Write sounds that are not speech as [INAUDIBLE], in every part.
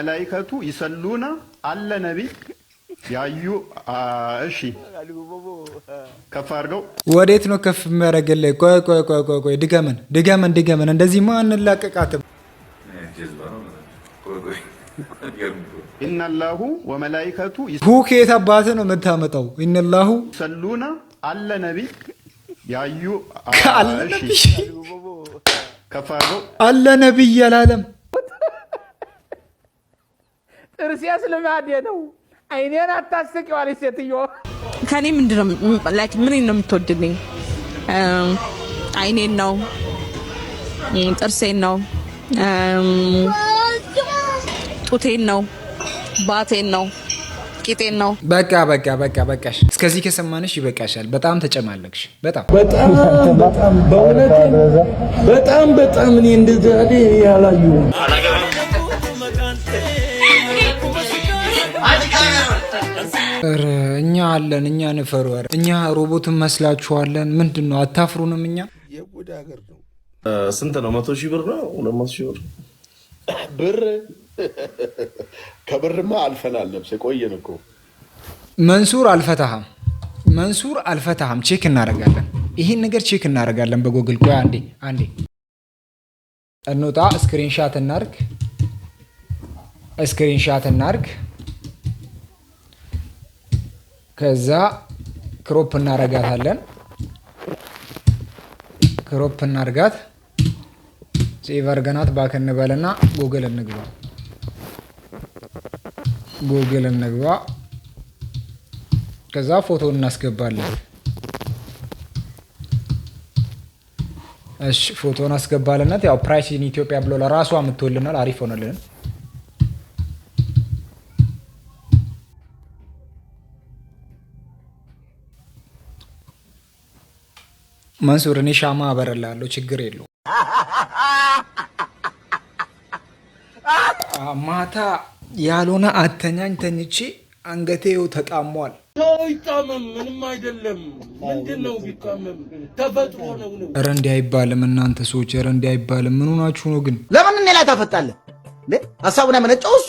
መላይከቱ ይሰሉና አለ ነቢ ያዩ እሺ፣ ከፍ አድርገው። ወዴት ነው ከፍ የሚያደርግልህ? ቆይ ቆይ ቆይ ቆይ ቆይ፣ ድገመን ድገመን ድገመን። እንደዚህ ማ እንላቀቃትም። ኢነላሁ ወመላይከቱ ሁኬት አባትህ ነው የምታመጣው። ኢነላሁ ይሰሉና አለ ነቢ ያዩ አለ ነቢ አላለም እርሴስ ልማዴ ነው። አይኔን አታስቅ ዋል ሴትዮ። ከኔ ምንድነው ምን ነው የምትወድልኝ? አይኔን ነው ጥርሴን ነው ጡቴን ነው ባቴን ነው ቂጤን ነው። በቃ በቃ በቃ በቃሽ። እስከዚህ ከሰማንሽ ይበቃሻል። በጣም ተጨማለቅሽ። በጣም በጣም በጣም በጣም በጣም እኔ እንደዛ ያላዩ ኧረ እኛ አለን፣ እኛ ንፈሩ። ኧረ እኛ ሮቦትን መስላችኋለን? ምንድን ነው አታፍሩንም? እኛ የቡድ ሀገር ነው። ስንት ነው? መቶ ሺህ ብር ነው? ሁለት መቶ ሺህ ብር ብር [LAUGHS] ከብርማ አልፈናል። ነብስ የቆየን እኮ መንሱር አልፈታህም፣ መንሱር አልፈታህም። ቼክ እናደርጋለን፣ ይህን ነገር ቼክ እናደርጋለን በጎግል ቆይ አንዴ፣ አንዴ እንውጣ። ስክሪንሻት እናርግ፣ ስክሪንሻት እናርግ። ከዛ ክሮፕ እናረጋታለን። ክሮፕ እናርጋት። ሴቭ አርገናት ባክ እንበልና ጎግል እንግባ። ጎግል እንግባ። ከዛ ፎቶ እናስገባለን። እሺ ፎቶን አስገባልነት ያው ፕራይስ ኢን ኢትዮጵያ ብሎ ለራሷ ምትወልናል። አሪፍ ሆነልን። መንሱር እኔ ሻማ አበረላለሁ፣ ችግር የለው። ማታ ያልሆነ አተኛኝ ተኝቼ አንገቴ ይኸው ተጣሟል። ሰው ይጣመም ምንም አይደለም። ምንድን ነው ቢጣመም ተፈጥሮ ነው ነው። ኧረ እንዲህ አይባልም እናንተ ሰዎች፣ ኧረ እንዲህ አይባልም። ምን ሆናችሁ ነው ግን? ለምን እኔ ላይ ታፈጣለህ? ሀሳቡን ያመነጨው እሱ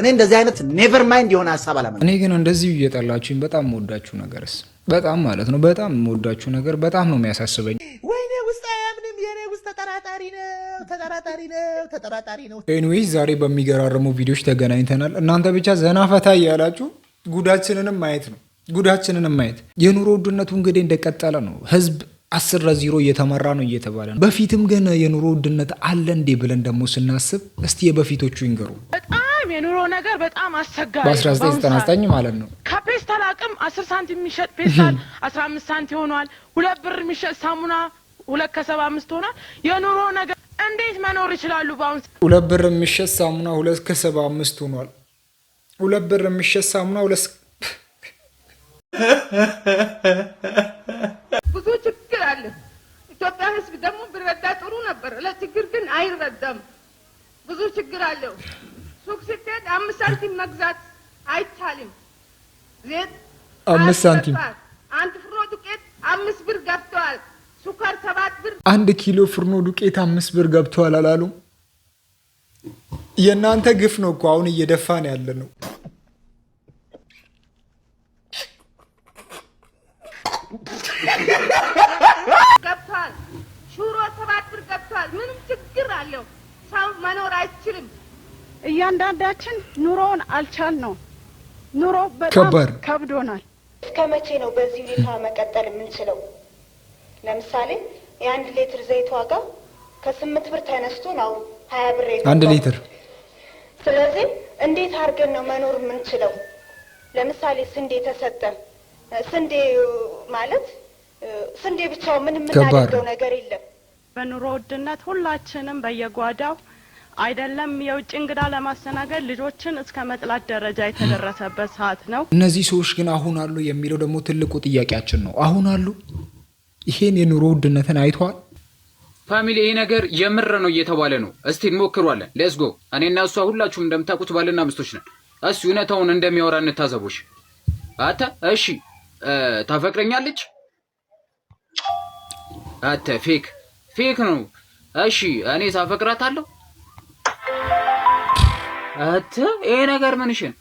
እኔ እንደዚህ አይነት ኔቨር ማይንድ የሆነ ሀሳብ አላመ እኔ ግን እንደዚህ እየጠላችሁኝ በጣም የምወዳችሁ ነገርስ በጣም ማለት ነው በጣም የምወዳችሁ ነገር በጣም ነው የሚያሳስበኝ። ወይኔ ውስጥ አያምንም የኔ ውስጥ ተጠራጣሪ ነው ተጠራጣሪ ነው ተጠራጣሪ ነው። ኤኒዌይስ ዛሬ በሚገራረሙ ቪዲዮዎች ተገናኝተናል። እናንተ ብቻ ዘና ፈታ እያላችሁ ጉዳችንንም ማየት ነው ጉዳችንንም ማየት። የኑሮ ውድነቱ እንግዲህ እንደቀጠለ ነው። ህዝብ አስር ለዜሮ እየተመራ ነው እየተባለ ነው። በፊትም ግን የኑሮ ውድነት አለ እንዴ ብለን ደግሞ ስናስብ እስቲ የበፊቶቹ ይንገሩ። የኑሮ ነገር በጣም አስቸጋሪ በ1999 ማለት ነው። ከፔስታል አቅም 10 ሳንቲም የሚሸጥ ፔስታል 15 [LAUGHS] ሳንቲም ሆኗል። ሁለት ብር የሚሸጥ ሳሙና ሁለት ከሰባ አምስት ሆኗል። የኑሮ ነገር እንዴት መኖር ይችላሉ? በአሁን ሁለት ብር የሚሸጥ ሳሙና ሁለት ከሰባ አምስት ሆኗል። ሁለት ብር የሚሸጥ ሳሙና ሁለት ብዙ ችግር አለ። ኢትዮጵያ ሕዝብ ደግሞ ብረዳ ጥሩ ነበር። ለችግር ግን አይረዳም። ብዙ ችግር አለው። ሱቅ ስትሄድ አምስት ሳንቲም መግዛት አይቻልም። ዘይት አምስት ሳንቲም፣ አንድ ፍርኖ ዱቄት አምስት ብር ገብተዋል። ሱከር ሰባት ብር፣ አንድ ኪሎ ፍርኖ ዱቄት አምስት ብር ገብተዋል አላሉ። የእናንተ ግፍ ነው እኮ አሁን እየደፋን ያለ ነው። ገብተዋል፣ ሹሮ ሰባት ብር ገብቷል ምንም ችግር አለው ሰው መኖር አይችልም። እያንዳንዳችን ኑሮውን አልቻል ነው። ኑሮ በጣም ከብዶናል። እስከ መቼ ነው በዚህ ሁኔታ መቀጠል የምንችለው? ለምሳሌ የአንድ ሌትር ዘይት ዋጋ ከስምንት ብር ተነስቶ ነው ሀያ ብር አንድ ሌትር። ስለዚህ እንዴት አድርገን ነው መኖር የምንችለው? ለምሳሌ ስንዴ ተሰጠ። ስንዴ ማለት ስንዴ ብቻው ምን የምናደርገው ነገር የለም። በኑሮ ውድነት ሁላችንም በየጓዳው አይደለም የውጭ እንግዳ ለማስተናገድ ልጆችን እስከ መጥላት ደረጃ የተደረሰበት ሰዓት ነው። እነዚህ ሰዎች ግን አሁን አሉ የሚለው ደግሞ ትልቁ ጥያቄያችን ነው። አሁን አሉ ይሄን የኑሮ ውድነትን አይተዋል። ፋሚሊ ይሄ ነገር የምር ነው እየተባለ ነው። እስቲ እንሞክሯለን። ለስጎ ጎ እኔና እሷ ሁላችሁም እንደምታውቁት ባልና ምስቶች ነን። እሱ እውነታውን እንደሚያወራ እንታዘቦች። አተ እሺ ታፈቅረኛለች? አተ ፌክ ፌክ ነው። እሺ እኔ ታፈቅራታለሁ አት ይሄ ነገር ምንሽን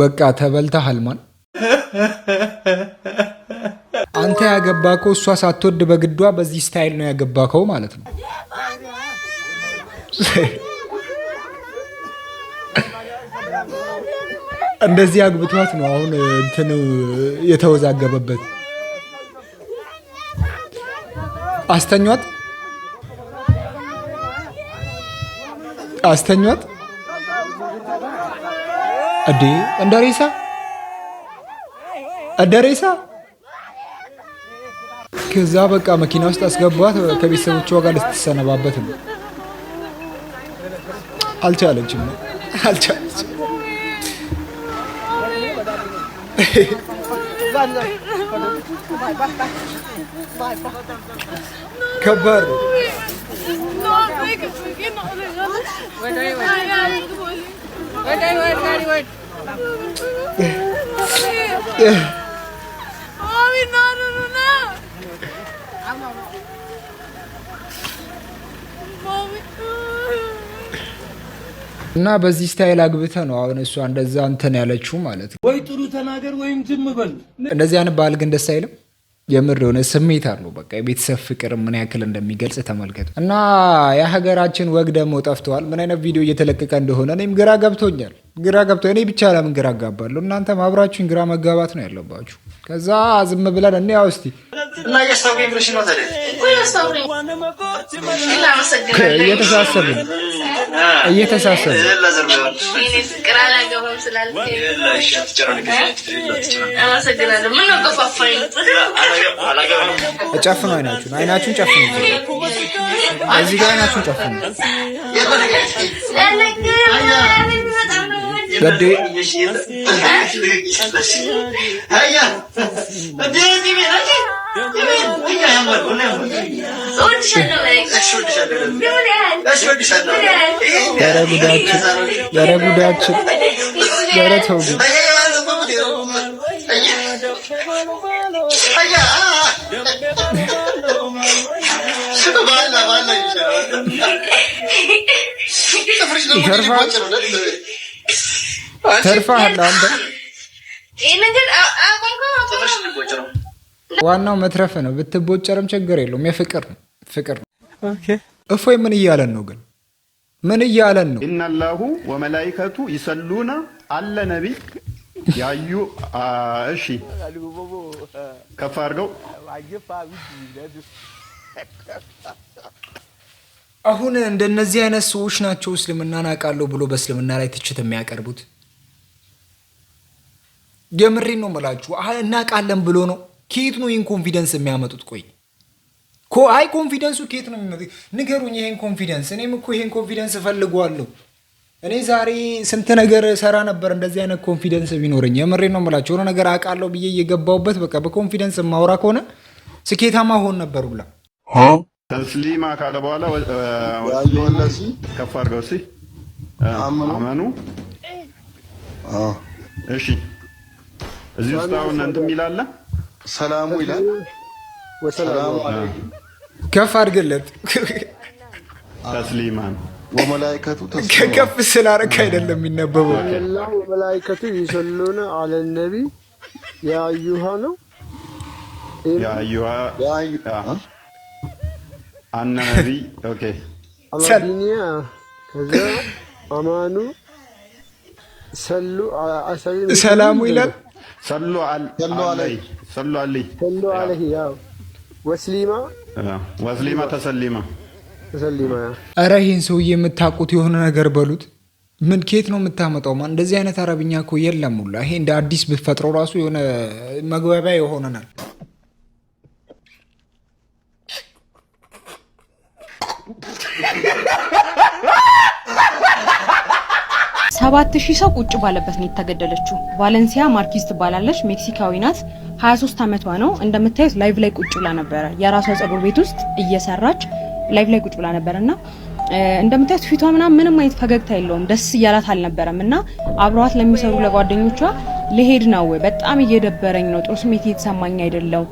በቃ ተበልተሃል ማን አንተ ያገባከው እሷ ሳትወድ በግዷ በዚህ ስታይል ነው ያገባከው ማለት ነው። እንደዚህ አግብቷት ነው አሁን እንትን የተወዛገበበት አስተኛት አስተኛት እዴ እንደ ሬሳ እንደ ሬሳ። ከዛ በቃ መኪና ውስጥ አስገባት። ከቤተሰቦቿ ጋር ልትሰነባበት ነው። አልቻለችም፣ አልቻለችም። ከባድ እና በዚህ ስታይል አግብተ ነው አሁን እሷ እንደዛ እንትን ያለችው ማለት ነው ወይ? ጥሩ ተናገር ወይም ዝም በል። እንደዚህ አይነት ባህል ግን ደስ አይልም። የምር የሆነ ስሜት አለው። በቃ የቤተሰብ ፍቅር ምን ያክል እንደሚገልጽ ተመልከቱ። እና የሀገራችን ወግ ደግሞ ጠፍተዋል። ምን አይነት ቪዲዮ እየተለቀቀ እንደሆነ እኔም ግራ ገብቶኛል። ግራ ገብቶ እኔ ብቻ ለምን ግራ አጋባለሁ? እናንተም አብራችሁን ግራ መጋባት ነው ያለባችሁ። ከዛ ዝም ብለን እኔ ያው እስቲ እየተሳሰብን እየተሳሰብን ጨፍኑ፣ አይናችሁን አይናችሁን ጨፍኑ፣ እዚህ ጋር አይናችሁን ጨፍኑ። ጉዳችን ተርፋሃል አንተ። ዋናው መትረፍ ነው። ብትቦጨርም ችግር የለውም። የፍቅር ነው ፍቅር ነው። እፎይ ምን እያለን ነው ግን ምን እያለን ነው? ኢናላሁ ወመላይከቱ ይሰሉና አለ ነቢ ያዩ እሺ፣ ከፍ አድርገው አሁን እንደነዚህ አይነት ሰዎች ናቸው እስልምናን አውቃለሁ ብሎ በእስልምና ላይ ትችት የሚያቀርቡት። የምሬን ነው የምላችሁ። እናቃለን ብሎ ነው። ከየት ነው ይህን ኮንፊደንስ የሚያመጡት? ቆይ አይ ኮንፊደንሱ ከየት ነው የሚመጡት? ንገሩኝ ይሄን ኮንፊደንስ። እኔም እኮ ይሄን ኮንፊደንስ እፈልገዋለሁ። እኔ ዛሬ ስንት ነገር ሰራ ነበር እንደዚህ አይነት ኮንፊደንስ ቢኖረኝ። የምሬን ነው የምላችሁ። የሆነ ነገር አውቃለሁ ብዬ እየገባሁበት በቃ በኮንፊደንስ የማውራ ከሆነ ስኬታማ ሆን ነበር። ብላ ተስሊማ ካለ በኋላ ከፍ አድርገው እስኪ አመኑ። እሺ እዚህ ውስጥ አሁን እንትም ይላለ ሰላሙ ይላል። ወሰላሙ አለይኩም ከፍ አድርገለት ተስሊማን ወመላይከቱ ከፍ ስላረክ አይደለም የሚነበበው። አላህ ወመላይከቱ ይሰሉነ አለ ነቢ የአዩሃ ነው የአዩሃ አነ ነቢ አማዲኒያ ከዛ አማኑ ሰሉ ሰላሙ ይላል ሰሉ አለይህ ወስሊማ ወስሊማ ተሰሊማ ተሰሊማ። ኧረ ይህን ሰውዬ የምታውቁት የሆነ ነገር በሉት። ምን ኬት ነው የምታመጣው? ማ እንደዚህ አይነት አረብኛ እኮ የለም ሁላ። ይሄ እንደ አዲስ ብትፈጥረው ራሱ የሆነ መግባቢያ የሆነናል። ሰባት ሺህ ሰው ቁጭ ባለበት ነው የተገደለችው። ቫለንሲያ ማርኪዝ ትባላለች፣ ሜክሲካዊ ናት። 23 ዓመቷ ነው። እንደምታዩት ላይቭ ላይ ቁጭ ብላ ነበረ፣ የራሷ ጸጉር ቤት ውስጥ እየሰራች ላይቭ ላይ ቁጭ ብላ ነበር እና እንደምታዩት ፊቷ ምናምን ምንም አይነት ፈገግታ የለውም፣ ደስ እያላት አልነበረም። እና አብረዋት ለሚሰሩ ለጓደኞቿ ልሄድ ነው፣ በጣም እየደበረኝ ነው፣ ጥሩ ስሜት እየተሰማኝ አይደለው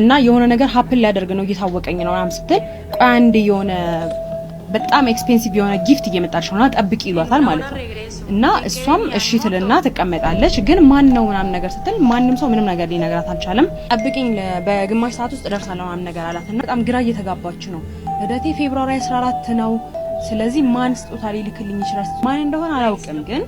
እና የሆነ ነገር ሀፕን ሊያደርግ ነው፣ እየታወቀኝ ነው ምናምን ስትል ቆይ አንዴ የሆነ በጣም ኤክስፔንሲቭ የሆነ ጊፍት እየመጣልሽ ሆና ጠብቂ ይሏታል ማለት ነው። እና እሷም እሺ ትልና ትቀመጣለች። ግን ማን ነው ምናምን ነገር ስትል ማንም ሰው ምንም ነገር ሊነግራት አልቻለም። ጠብቂኝ በግማሽ ሰዓት ውስጥ እደርሳለሁ ምናምን ነገር አላት እና በጣም ግራ እየተጋባች ነው። ልደቴ ፌብሩዋሪ 14 ነው። ስለዚህ ማን ስጦታ ሊልክልኝ ይችላል? ማን እንደሆነ አላውቅም ግን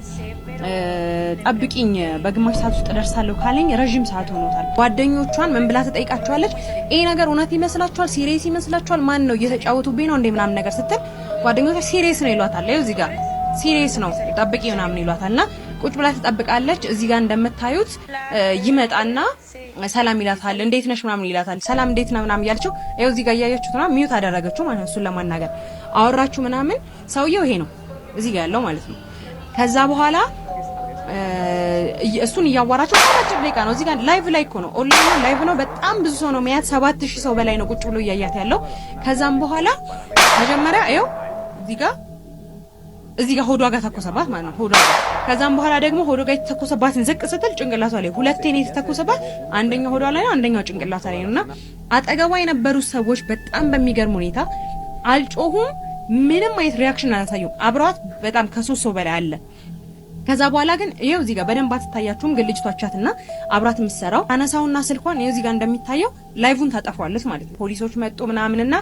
ጠብቂኝ በግማሽ ሰዓት ውስጥ ደርሳለሁ ካለኝ ረዥም ሰዓት ሆኖታል። ጓደኞቿን ምን ብላ ትጠይቃቸዋለች? ይሄ ነገር እውነት ይመስላችኋል? ሲሪየስ ይመስላችኋል? ማን ነው እየተጫወቱብኝ ነው እንደ ምናምን ነገር ስትል ጓደኞቿ ሲሪየስ ነው ይሏታል። ይኸው እዚህ ጋር ሲሪየስ ነው ጠብቂ ምናምን ይሏታል። እና ቁጭ ብላ ትጠብቃለች። እዚህ ጋር እንደምታዩት ይመጣና ሰላም ይላታል። እንዴት ነሽ ምናምን ይላታል። ሰላም እንዴት ነው ምናምን እያለችው ይኸው እዚህ ጋር እያየችሁት ነው። ሚዩት አደረገችው ማለት ነው እሱን ለማናገር አወራችሁ ምናምን። ሰውየው ይሄ ነው እዚህ ጋር ያለው ማለት ነው። ከዛ በኋላ እሱን እያዋራቸው አጭር ደቂቃ ነው። እዚህ ጋር ላይቭ ላይ እኮ ነው፣ ኦንላይን ነው፣ ላይቭ ነው። በጣም ብዙ ሰው ነው የሚያያት። ሰባት ሺህ ሰው በላይ ነው ቁጭ ብሎ እያያት ያለው። ከዛም በኋላ መጀመሪያ ይኸው እዚህ ጋር እዚህ ጋር ሆዷ ጋር ተኮሰባት ማለት ነው ሆዷ ከዛም በኋላ ደግሞ ሆዷ ጋር የተተኮሰባትን ዝቅ ስትል ጭንቅላቷ ላይ ሁለቴ ነው የተተኮሰባት። አንደኛው ሆዷ ላይ ነው፣ አንደኛው ጭንቅላቷ ላይ ነውና አጠገቧ የነበሩ ሰዎች በጣም በሚገርም ሁኔታ አልጮሁም። ምንም አይነት ሪያክሽን አላሳዩም። አብረዋት በጣም ከሶስት ሰው በላይ አለ። ከዛ በኋላ ግን ይሄው እዚህ ጋር በደንብ አትታያችሁም፣ ግን አብራት የምትሰራው አነሳውና ስልኳን ይሄው እዚህ ጋር እንደሚታየው ላይቭን ታጠፏለች ማለት ነው። ፖሊሶች መጡ ምናምንና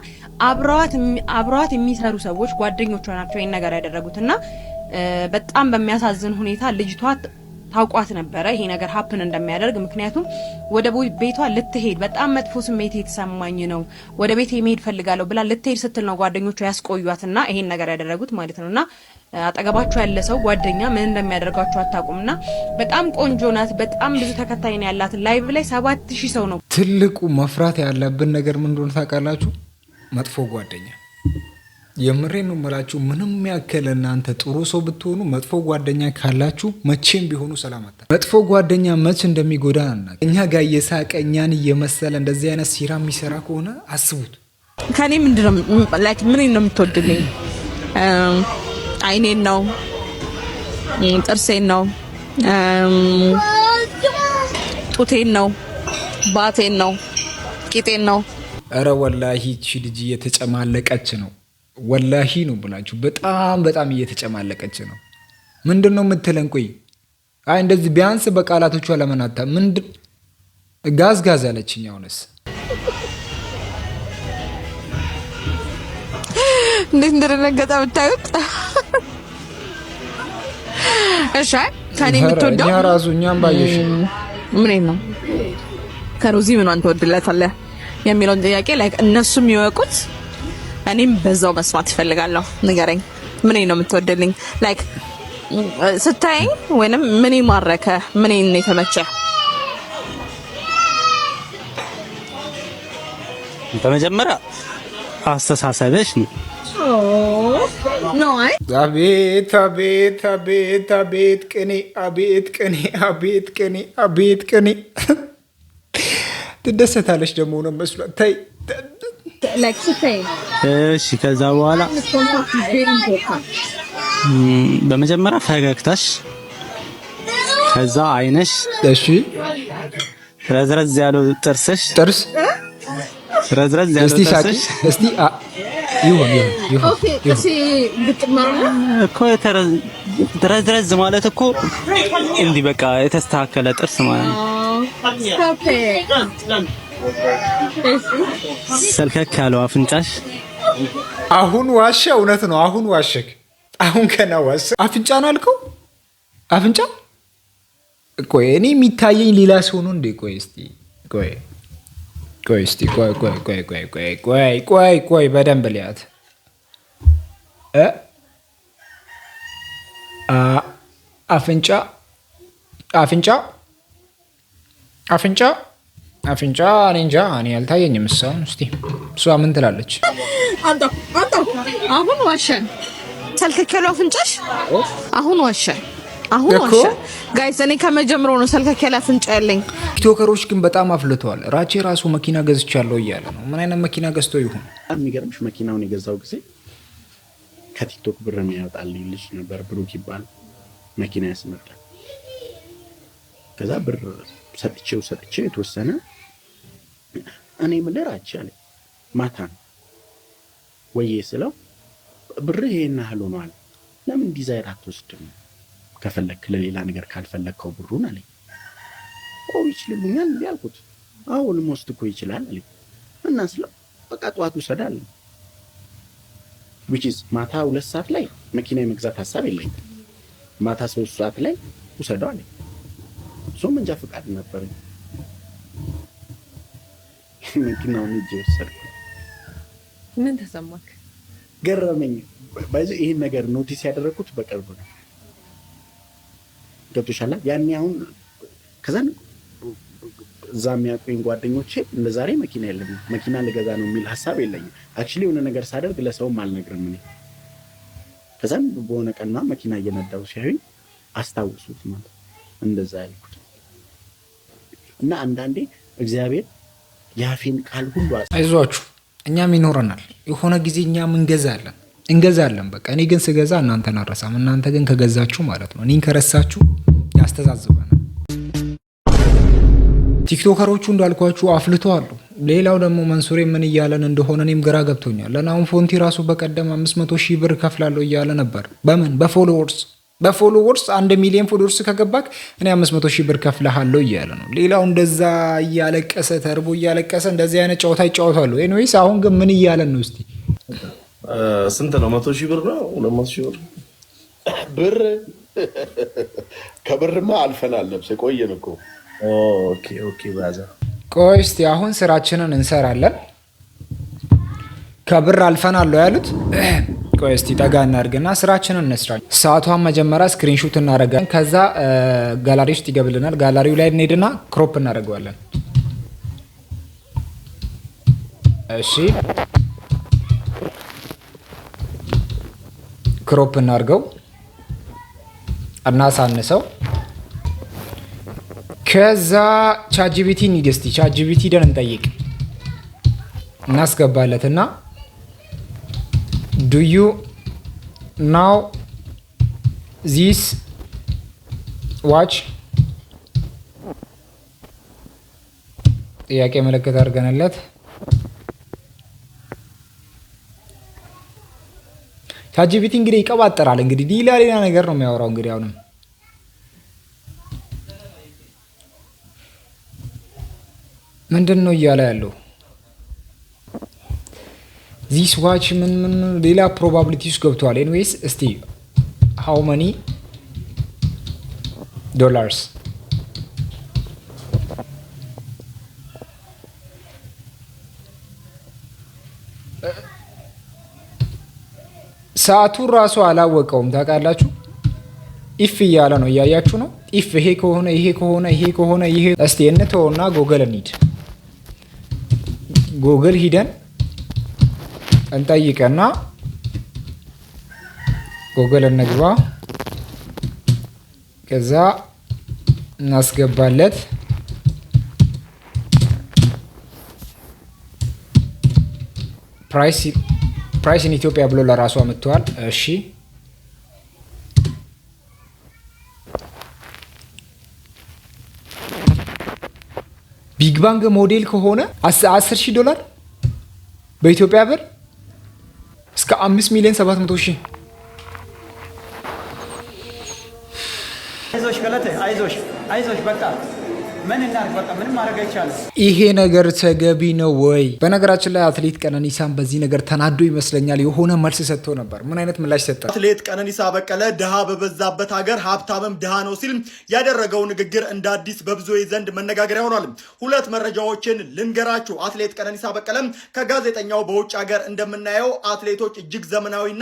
አብረዋት አብረዋት የሚሰሩ ሰዎች ጓደኞቿ ናቸው ይሄን ነገር ያደረጉትና በጣም በሚያሳዝን ሁኔታ ልጅቷ ታውቋት ነበረ ይሄ ነገር ሀፕን እንደሚያደርግ። ምክንያቱም ወደ ቤቷ ልትሄድ በጣም መጥፎ ስሜት የተሰማኝ ነው ወደ ቤት መሄድ ፈልጋለሁ ብላ ልትሄድ ስትል ነው ጓደኞቿ ያስቆዩትና ይሄን ነገር ያደረጉት ማለት ነውና አጠገባችሁ ያለ ሰው ጓደኛ ምን እንደሚያደርጋችሁ አታውቁምና በጣም ቆንጆ ናት። በጣም ብዙ ተከታይ ነው ያላት። ላይቭ ላይ ሰባት ሺህ ሰው ነው። ትልቁ መፍራት ያለብን ነገር ምን እንደሆነ ታውቃላችሁ? መጥፎ ጓደኛ። የምሬ ነው የምላችሁ። ምንም ያክል እናንተ ጥሩ ሰው ብትሆኑ መጥፎ ጓደኛ ካላችሁ መቼም ቢሆኑ ሰላም አታ መጥፎ ጓደኛ መች እንደሚጎዳ እና እኛ ጋር እየሳቀ እኛን እየመሰለ እንደዚህ አይነት ሲራ የሚሰራ ከሆነ አስቡት። ከኔ ምንድነው ምን ነው የምትወድልኝ አይኔን ነው ጥርሴን ነው ጡቴን ነው ባቴን ነው ቂጤን ነው። እረ ወላሂ እቺ ልጅ እየተጨማለቀች ነው። ወላሂ ነው ብላችሁ በጣም በጣም እየተጨማለቀች ነው። ምንድን ነው የምትለን? ቆይ አይ እንደዚህ ቢያንስ በቃላቶቿ ለመናታ ምንድን ጋዝ ጋዝ አለችኝ አሁንስ እንዴት እንደደነገጠ ብታዩት። እሺ ከኔ የምትወደው እኛ ራሱ እኛም ባየሽ ምን ነው ከሮዚ ምኗን ትወድላታለህ የሚለውን ጥያቄ ላይ እነሱም ይወቁት፣ እኔም በዛው መስማት ይፈልጋለሁ። ንገረኝ፣ ምን ነው የምትወድልኝ? ላይክ ስታየኝ ወይንም ምን ማረከ? ምን ነው የተመቸ? በመጀመሪያ አስተሳሰብሽ ነው። አቤት አቤት አቤት አቤት ቅኔ አቤት ቅኔ አቤት ቅኔ አቤት ቅኔ ትደሰታለች ደግሞ ነው መስሏት። ተይ እሺ። ከዛ በኋላ በመጀመሪያ ፈገግታሽ፣ ከዛ አይነሽ፣ እሺ፣ ረዝረዝ ያለው ጥርስሽ ጥርስ ረዝረዝ ማለት እኮ እንዲህ በቃ የተስተካከለ ጥርስ ማለት ነው። ሰልከክ ያለው አፍንጫሽ አሁን ዋሸ። እውነት ነው። አሁን ዋሸክ። አሁን ገና ዋሸ። አፍንጫ ነው አልከው። አፍንጫ ቆይ፣ እኔ የሚታየኝ ሌላ ሲሆኑ እንዴ? ቆይ እስኪ ቆይ ቆይ እስቲ ቆይ ቆይ ቆይ ቆይ ቆይ ቆይ ቆይ ቆይ በደንብ ሊያት አፍንጫ አፍንጫ አፍንጫ አፍንጫ እኔ እንጃ እኔ አልታየኝም። እሷን እስቲ እሷ ምን ትላለች? አሁን ዋሸን። ተልክከሉ አፍንጫሽ አሁን ዋሸን አሁን ወሽ ጋይስ፣ እኔ ነው ያለኝ። ቲክቶከሮች ግን በጣም አፍልተዋል። ራቼ ራሱ መኪና ገዝቻለሁ እያለ ነው። ምን አይነት መኪና ገዝቶ ይሁን? የሚገርምሽ መኪናውን የገዛው ጊዜ ከቲክቶክ ብር የሚያወጣልኝ ልጅ ነበር፣ ብሩክ ይባል መኪና ከዛ ብር ሰጥቼው ሰጥቼው የተወሰነ እኔ የምልህ ራቼ አለኝ ማታ ነው ወይዬ ስለው ብር ይሄን ያህል ሆኗል፣ ለምን ዲዛይን አትወስድም? ከፈለግ ለሌላ ነገር ካልፈለግከው ብሩን አለኝ። ኦ ይችልልኛል እንዲህ አልኩት። አዎ ልሞስድ እኮ ይችላል አለኝ። እና ስለው በቃ ጠዋት ውሰድ አለኝ። ዊችዝ ማታ ሁለት ሰዓት ላይ መኪና የመግዛት ሀሳብ የለኝ። ማታ ሶስት ሰዓት ላይ ውሰደው አለኝ። እሱም መንጃ ፈቃድ ነበረኝ። መኪናውን እጅ ወሰድኩ። ምን ተሰማክ? ገረመኝ። ይህን ነገር ኖቲስ ያደረግኩት በቅርብ ነው። ገብቶሻል። ያኔ አሁን ከዛን እዛ የሚያውቁኝ ጓደኞቼ እንደ ዛሬ መኪና የለም መኪና ልገዛ ነው የሚል ሀሳብ የለኝም። አክቹዋሊ የሆነ ነገር ሳደርግ ለሰውም አልነግርም እኔ። ከዛም በሆነ ቀና መኪና እየነዳው ሲያዩኝ አስታውሱት ማለት እንደዛ ያልኩት እና አንዳንዴ እግዚአብሔር የአፌን ቃል ሁሉ አይዟችሁ፣ እኛም ይኖረናል የሆነ ጊዜ እኛም እንገዛለን። እንገዛለን። በቃ እኔ ግን ስገዛ እናንተን አረሳም፣ እናንተ ግን ከገዛችሁ ማለት ነው እኔን ከረሳችሁ ያስተዛዝበናል። ቲክቶከሮቹ እንዳልኳችሁ አፍልቶ አሉ። ሌላው ደግሞ መንሱሬ ምን እያለን እንደሆነ እኔም ግራ ገብቶኛል። ለናሁን ፎንቲ ራሱ በቀደም አምስት መቶ ሺህ ብር ከፍላለሁ እያለ ነበር። በምን በፎሎወርስ በፎሎወርስ አንድ ሚሊዮን ፎሎወርስ ከገባክ እኔ አምስት መቶ ሺህ ብር ከፍልሃለሁ እያለ ነው። ሌላው እንደዛ እያለቀሰ ተርቦ እያለቀሰ እንደዚህ አይነት ጨዋታ ይጫወታሉ። ኤኒዌይስ አሁን ግን ምን እያለን ነው እስቲ ስንት ነው? መቶ ሺህ ብር ነው? ሁለት መቶ ሺህ ብር ብር ከብርማ አልፈናል። ለብሰ ቆየን እኮ ቆይ እስኪ አሁን ስራችንን እንሰራለን። ከብር አልፈናል ነው ያሉት። ቆይ ጠጋ እናድርግና ስራችንን እንስራ። ሰዓቷን መጀመሪያ ስክሪንሹት እናደርጋለን። ከዛ ጋላሪ ውስጥ ይገብልናል። ጋላሪው ላይ እንሄድና ክሮፕ እናደርገዋለን። እሺ ክሮፕ እናድርገው እናሳንሰው። ከዛ ቻጂቢቲ እንሂድ እስኪ ቻጂቢቲ ደን እንጠይቅ ዱ ዩ ናው ዚስ ዋች ጥያቄ ምልክት አድርገንለት ቻጂፒቲ እንግዲህ ይቀባጠራል። እንግዲህ ሌላ ሌላ ነገር ነው የሚያወራው። እንግዲህ አሁንም ምንድን ነው እያለ ያለው ዚስ ዋች ምን ምን ሌላ ፕሮባብሊቲ ውስጥ ገብተዋል። ኤንዌይስ እስቲ ሃው መኒ ዶላርስ ሰዓቱን ራሱ አላወቀውም። ታውቃላችሁ ኢፍ እያለ ነው። እያያችሁ ነው። ኢፍ ይሄ ከሆነ ይሄ ከሆነ ይሄ ከሆነ ይሄ እስቲ እንተውና ጎግል እንሂድ። ጎግል ሂደን እንጠይቀና ጎግል እንግባ። ከዛ እናስገባለት ፕራይስ ፕራይስ ኢን ኢትዮጵያ ብሎ ለራሱ መጥተዋል። እሺ ቢግ ባንግ ሞዴል ከሆነ 10 ሺህ ዶላር በኢትዮጵያ ብር እስከ 5 ሚሊዮን 700 ሺህ አይዞሽ ገለቴ አይዞሽ አይዞሽ በቃ ምን እናድርግ? በቃ ምንም ማድረግ አይቻልም። ይሄ ነገር ተገቢ ነው ወይ? በነገራችን ላይ አትሌት ቀነኒሳን በዚህ ነገር ተናዶ ይመስለኛል የሆነ መልስ ሰጥቶ ነበር። ምን አይነት ምላሽ ሰጠ? አትሌት ቀነኒሳ በቀለ ድሃ በበዛበት ሀገር ሀብታምም ድሃ ነው ሲል ያደረገው ንግግር እንደ አዲስ በብዙዬ ዘንድ መነጋገሪያ ሆኗል። ሁለት መረጃዎችን ልንገራችሁ። አትሌት ቀነኒሳ በቀለ ከጋዜጠኛው በውጭ ሀገር እንደምናየው አትሌቶች እጅግ ዘመናዊና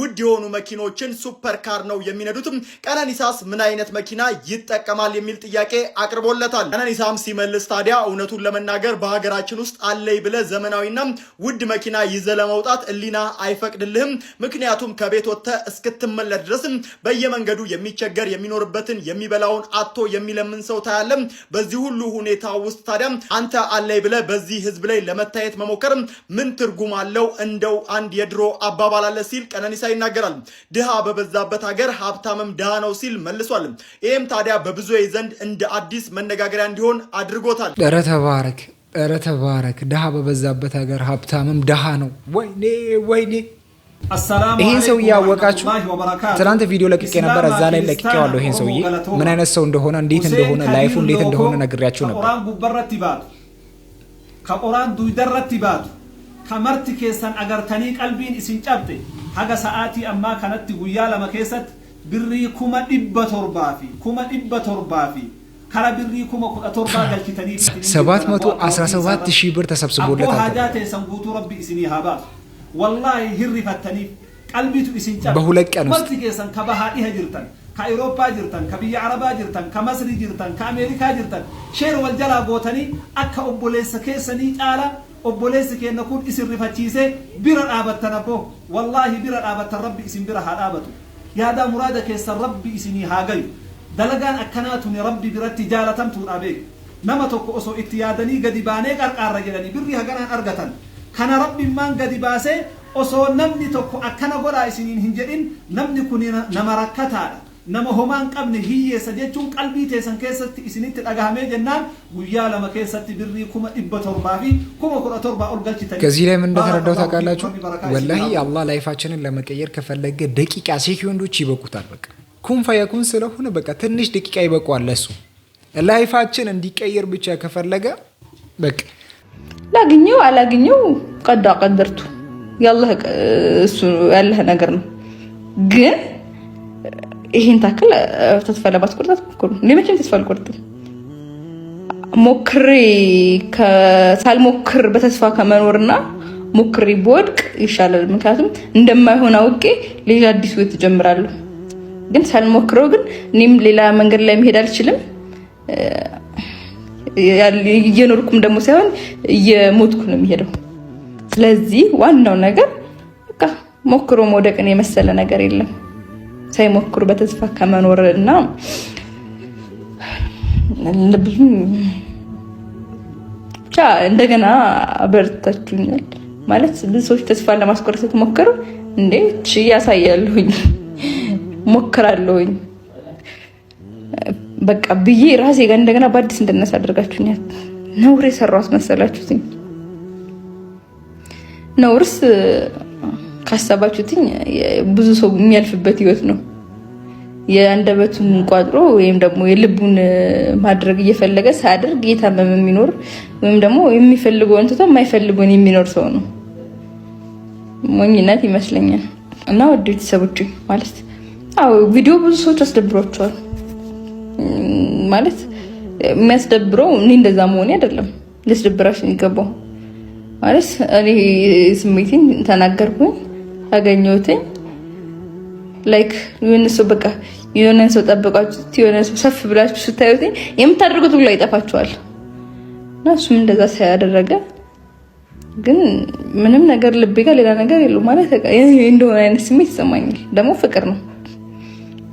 ውድ የሆኑ መኪኖችን ሱፐር ካር ነው የሚነዱትም። ቀነኒሳስ ምን አይነት መኪና ይጠቀማል የሚል ጥያቄ አቅርቦለታል። ተናግሯል። ቀነኒ ሲመልስ ታዲያ እውነቱን ለመናገር በሀገራችን ውስጥ አለይ ብለ ዘመናዊና ውድ መኪና ይዘ ለመውጣት እሊና አይፈቅድልህም። ምክንያቱም ከቤት ወጥተ እስክትመለስ ድረስም በየመንገዱ የሚቸገር የሚኖርበትን የሚበላውን አቶ የሚለምን ሰው ታያለም። በዚህ ሁሉ ሁኔታ ውስጥ ታዲያ አንተ አለይ ብለ በዚህ ህዝብ ላይ ለመታየት መሞከር ምን ትርጉም አለው? እንደው አንድ የድሮ አባባል አለ ሲል ቀነኒሳ ይናገራል። ድሃ በበዛበት ሀገር ሀብታምም ድሃ ነው ሲል መልሷል። ይህም ታዲያ በብዙ ዘንድ እንደ አዲስ መነጋገር መሻገሪያ እንዲሆን አድርጎታል። ኧረ ተባረክ፣ ኧረ ተባረክ። ድሃ በበዛበት ሀገር ሀብታምም ድሃ ነው። ወይኔ ወይኔ ይህን ሰው እያወቃችሁ ትናንት ቪዲዮ ለቅቄ ነበር። እዛ ላይ ለቅቄዋለሁ። ይህን ሰውዬ ምን አይነት ሰው እንደሆነ፣ እንዴት እንደሆነ፣ ላይፉ እንዴት እንደሆነ ነግሬያችሁ ነበር። ከቆራን ዱይደረት ይባቱ ከመርቲ ኬሰን አገርተኒ ቀልቢን እሲን ሀገ ሰአቲ አማ ከነቲ ጉያ ለመ ብሪ ኩመ ዲበ ኩመ ዲበ سبات ما تو أسرى سبات تشيبر تسبسبور لتاتر أبو هاداتي سنقوتو ربي إسني هابا والله هر فتني قلبي تو إسن جاب بهولك أنوست مرتي كيسان كبها إيها جرتن كأيروبا جرتن كبيا عربا جرتن كمصر جرتن كأمريكا جرتن شير والجلا بوتني أكا أبو ليس كيساني جالا أبو ليس كي نقول إسن رفا تيسي بيرا آبتنا بو والله بيرا آبتن ربي إسن بيرا هالآبتو يا دا مرادك يسر ربي إسني هاقل dalagaan akkanaa tuni rabbi biratti jaalatamtuudha beeku nama tokko osoo itti yaadanii gadi baanee qarqaarra jedhanii birrii haganaan argatan kana rabbimmaan gadi baasee osoo namni tokko akkana godhaa isiniin hin jedhin namni kun nama rakkataadha nama homaan qabne hiyyeessa jechuun qalbii teessan keessatti isinitti dhagahamee jennaan guyyaa lama keessatti birrii kuma dhibba torbaa fi kuma kudha torbaa ol galchitan ከዚህ ላይ ምን እንደተረዳው ታውቃላችሁ ወላሂ አላህ ላይፋችንን ለመቀየር ከፈለገ ደቂቃ ሴኮንዶች ይበቁታል በቃ ኩንፋ ፈየኩን ስለሆነ በቃ ትንሽ ደቂቃ ይበቋል ለሱ። ላይፋችን እንዲቀየር ብቻ ከፈለገ በቃ ላግኘው አላግኘው ቀዳ ቀደርቱ እሱ ያለህ ነገር ነው። ግን ይህን ታክል ተስፋ ለማስቆርጣት ሞክሩ። እኔ መቼም ተስፋ አልቆርጥም። ሞክሬ ሳልሞክር በተስፋ ከመኖርና ሞክሬ በወድቅ ይሻላል። ምክንያቱም እንደማይሆን አውቄ ሌላ አዲስ ህይወት እጀምራለሁ። ግን ሳልሞክረው ግን እኔም ሌላ መንገድ ላይ መሄድ አልችልም። እየኖርኩም ደግሞ ሳይሆን እየሞትኩ ነው የሚሄደው። ስለዚህ ዋናው ነገር በቃ ሞክሮ መውደቅን የመሰለ ነገር የለም። ሳይሞክሩ በተስፋ ከመኖር እና ብቻ እንደገና አበርታችሁኛል ማለት ብዙ ሰዎች ተስፋ ለማስቆረጥ ሞክሩ እንዴ ያሳያለሁኝ ሞክራለሁኝ በቃ ብዬ ራሴ ጋር እንደገና በአዲስ እንድነሳ አድርጋችሁኛል። ነውር የሰራው አስመሰላችሁትኝ። ነውርስ ካሰባችሁትኝ ብዙ ሰው የሚያልፍበት ህይወት ነው። የአንደበቱን ቋጥሮ ወይም ደግሞ የልቡን ማድረግ እየፈለገ ሳያደርግ እየታመመ የሚኖር ወይም ደግሞ የሚፈልገውን ትቶ የማይፈልገውን የሚኖር ሰው ነው። ሞኝነት ይመስለኛል እና ወደ ቤተሰቦች ማለት አዎ ቪዲዮ ብዙ ሰዎች አስደብሯቸዋል። ማለት የሚያስደብረው እኔ እንደዛ መሆኔ አይደለም፣ ሊያስደብራሽ የሚገባው ማለት እኔ ስሜቴን ተናገርኩኝ፣ አገኘሁትኝ ላይክ የሆነ ሰው በቃ የሆነ ሰው ጠብቃችሁት የሆነ ሰው ሰፍ ብላችሁ ስታዩት የምታደርጉት ብላ ይጠፋችኋል። እና እሱም እንደዛ ሳያደረገ ግን ምንም ነገር ልቤ ጋር ሌላ ነገር የለውም ማለት እንደሆነ አይነት ስሜት ይሰማኛል። ደግሞ ፍቅር ነው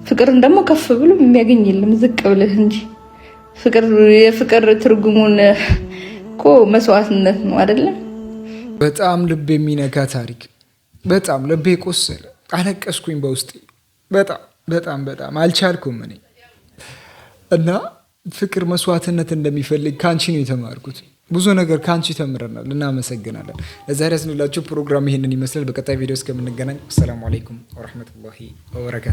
ፍቅርን ደግሞ ከፍ ብሎ የሚያገኝ የለም ዝቅ ብለህ እንጂ። ፍቅር የፍቅር ትርጉሙን እኮ መስዋዕትነት ነው አይደለም። በጣም ልብ የሚነካ ታሪክ፣ በጣም ልቤ ቆሰለ፣ አለቀስኩኝ በውስጤ በጣም በጣም በጣም አልቻልኩም እኔ እና ፍቅር መስዋዕትነት እንደሚፈልግ ከአንቺ ነው የተማርኩት። ብዙ ነገር ከአንቺ ተምረናል። እናመሰግናለን። ለዛሬ ያስንላችሁ ፕሮግራም ይሄንን ይመስላል። በቀጣይ ቪዲዮ እስከምንገናኝ አሰላሙ አለይኩም ወረሕመቱላሂ ወበረካቱ።